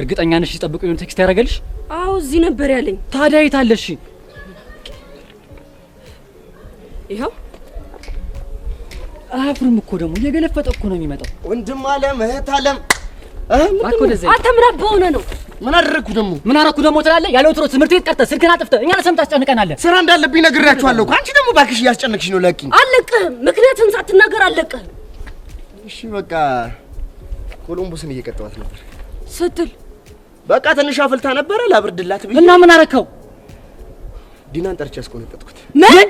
እርግጠኛ ነሽ ሲጠብቁ የሆነ ቴክስት ያደረገልሽ? አዎ እዚህ ነበር ያለኝ። ታዲያ የት አለሽ? ይኸው እኮ ደግሞ እየገለፈጠ እኮ ነው የሚመጣው። ወንድም አለም እህት አለም አንተ ምን በሆነ ነው? ምን አደረግኩ ደግሞ ምን አደረግኩ ደግሞ ትላለህ? ያለ ወትሮ ትምህርት ቤት ቀርተህ ስልክህን አጥፍተህ እኛ ለሰምተህ ታስጨንቀናለህ። ስራ እንዳለብኝ ነግሬያችኋለሁ። አንቺ ደግሞ እባክሽ እያስጨነቅሽ ነው። ለቅኝ አልለቅህም። ምክንያትህን ሳትናገር አልለቅህም። እሺ በቃ ኮሎምቦስን እየቀጠዋት ነበር ስትል በቃ ትንሽ አፍልታ ነበረ ላብርድላት ብዬ እና ምን አረከው? ዲናን ጠርቼ አስቆነጠጥኩት። ምን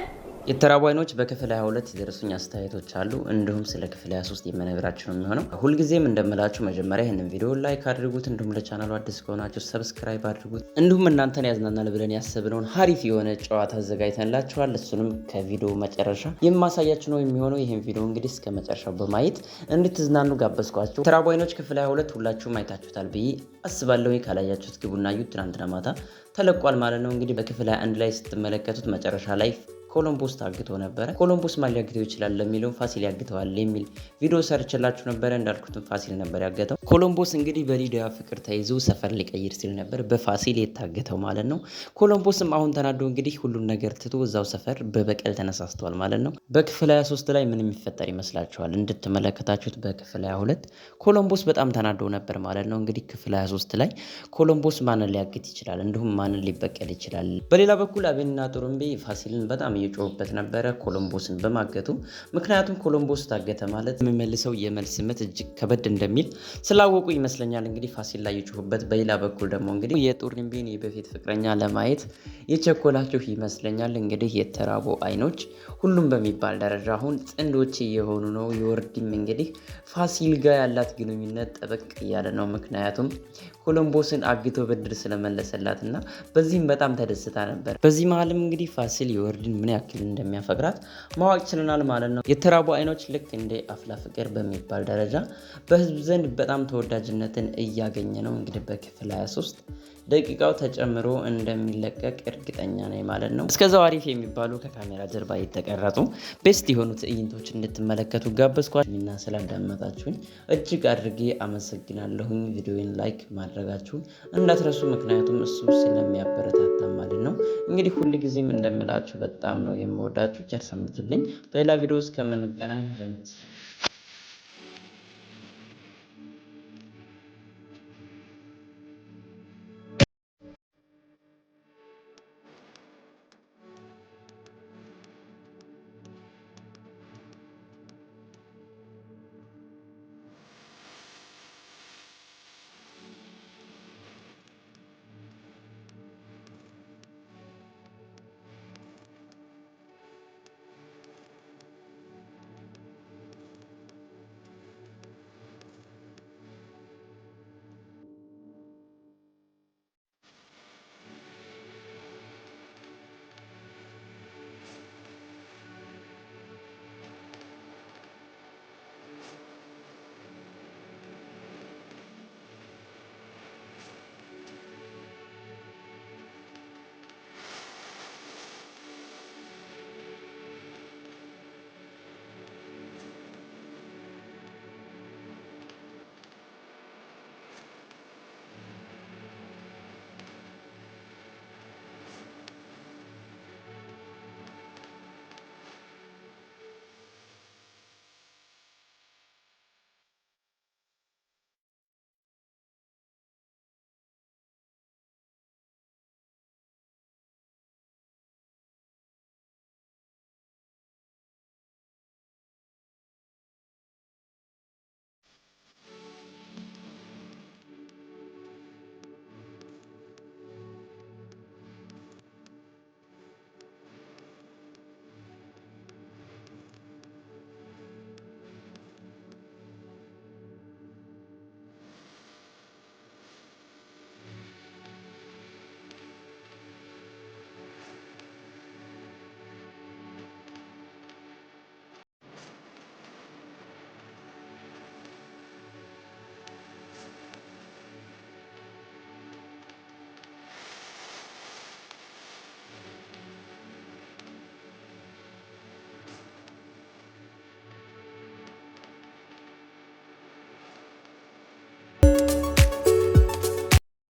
የተራቡ አይኖች በክፍል 22 የደረሱኝ አስተያየቶች አሉ። እንዲሁም ስለ ክፍል 23 የመነግራችሁ ነው የሚሆነው። ሁልጊዜም እንደምላችሁ መጀመሪያ ይህንን ቪዲዮ ላይክ አድርጉት፣ እንዲሁም ለቻናሉ አዲስ ከሆናችሁ ሰብስክራይብ አድርጉት። እንዲሁም እናንተን ያዝናናል ብለን ያሰብነውን ሀሪፍ የሆነ ጨዋታ አዘጋጅተንላችኋል። እሱንም ከቪዲዮ መጨረሻ የማሳያችሁ ነው የሚሆነው። ይህን ቪዲዮ እንግዲህ እስከ መጨረሻው በማየት እንድትዝናኑ ጋበዝኳቸው። የተራቡ አይኖች ክፍል 22 ሁላችሁም አይታችሁታል ብዬ አስባለሁ። ካላያችሁት ግቡና ዩ ትናንትና ማታ ተለቋል ማለት ነው። እንግዲህ በክፍል 21 ላይ ስትመለከቱት መጨረሻ ላይ ኮሎምቦስ ታግቶ ነበረ። ኮሎምቦስ ማን ሊያግተው ይችላል ለሚለው ፋሲል ያግተዋል የሚል ቪዲዮ ሰርችላችሁ ነበረ። እንዳልኩትም ፋሲል ነበር ያገተው። ኮሎምቦስ እንግዲህ በሊዲያ ፍቅር ተይዞ ሰፈር ሊቀይር ሲል ነበር በፋሲል የታገተው ማለት ነው። ኮሎምቦስም አሁን ተናዶ እንግዲህ ሁሉን ነገር ትቶ እዛው ሰፈር በበቀል ተነሳስተዋል ማለት ነው። በክፍል 23 ላይ ምን የሚፈጠር ይመስላችኋል? እንድትመለከታችሁት በክፍል 22 ኮሎምቦስ በጣም ተናዶ ነበር ማለት ነው። እንግዲህ ክፍል 23 ላይ ኮሎምቦስ ማንን ሊያግት ይችላል፣ እንዲሁም ማንን ሊበቀል ይችላል። በሌላ በኩል አቤንና ጥሩምቤ ፋሲልን በጣም እየጮሁበት ነበረ ኮሎምቦስን በማገቱ። ምክንያቱም ኮሎምቦስ ታገተ ማለት የሚመልሰው የመልስ ምት እጅግ ከበድ እንደሚል ስላወቁ ይመስለኛል እንግዲህ ፋሲል ላይ የጮሁበት። በሌላ በኩል ደግሞ እንግዲህ የጡርንቢን የበፊት ፍቅረኛ ለማየት የቸኮላችሁ ይመስለኛል እንግዲህ የተራቦ አይኖች ሁሉም በሚባል ደረጃ አሁን ጥንዶች እየሆኑ ነው። የወርዲም እንግዲህ ፋሲል ጋር ያላት ግንኙነት ጠበቅ እያለ ነው። ምክንያቱም ኮሎምቦስን አግቶ ብድር ስለመለሰላት እና በዚህም በጣም ተደስታ ነበር። በዚህ መሀልም እንግዲህ ፋሲል የወርድን ምን ያክል እንደሚያፈቅራት ማወቅ ችለናል ማለት ነው። የተራቡ አይኖች ልክ እንደ አፍላ ፍቅር በሚባል ደረጃ በህዝብ ዘንድ በጣም ተወዳጅነትን እያገኘ ነው። እንግዲህ በክፍል 23 ደቂቃው ተጨምሮ እንደሚለቀቅ እርግጠኛ ነኝ ማለት ነው። እስከዛው አሪፍ የሚባሉ ከካሜራ ጀርባ የተቀረጹ ቤስት የሆኑ ትዕይንቶች እንድትመለከቱ ጋበዝኳችሁና ስላዳመጣችሁኝ እጅግ አድርጌ አመሰግናለሁኝ። ቪዲዮን ላይክ ማድረጋችሁን እንዳትረሱ፣ ምክንያቱም እሱ ስለሚያበረታታ ማለት ነው። እንግዲህ ሁልጊዜም እንደምላችሁ በጣም ነው የምወዳችሁ። ቸር ሰንብቱልኝ። በሌላ ቪዲዮ እስከምንገናኝ